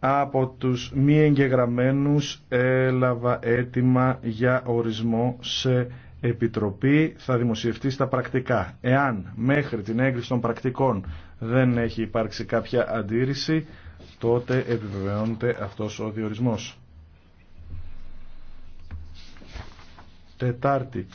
από τους μη εγγεγραμμένους έλαβα αίτημα για ορισμό σε επιτροπή θα δημοσιευτεί στα πρακτικά. Εάν μέχρι την έγκριση των πρακτικών δεν έχει υπάρξει κάποια αντίρρηση, τότε επιβεβαιώνεται αυτός ο διορισμός. Τετάρτη.